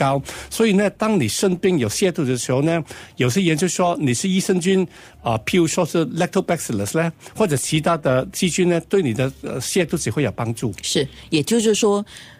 高，所以呢，當你生病有瀉肚的時候呢，有些研究說你是益生菌啊、呃，譬如說是 Lactobacillus 呢，或者其他的細菌呢，對你的呃瀉肚只會有幫助。是，也就是說。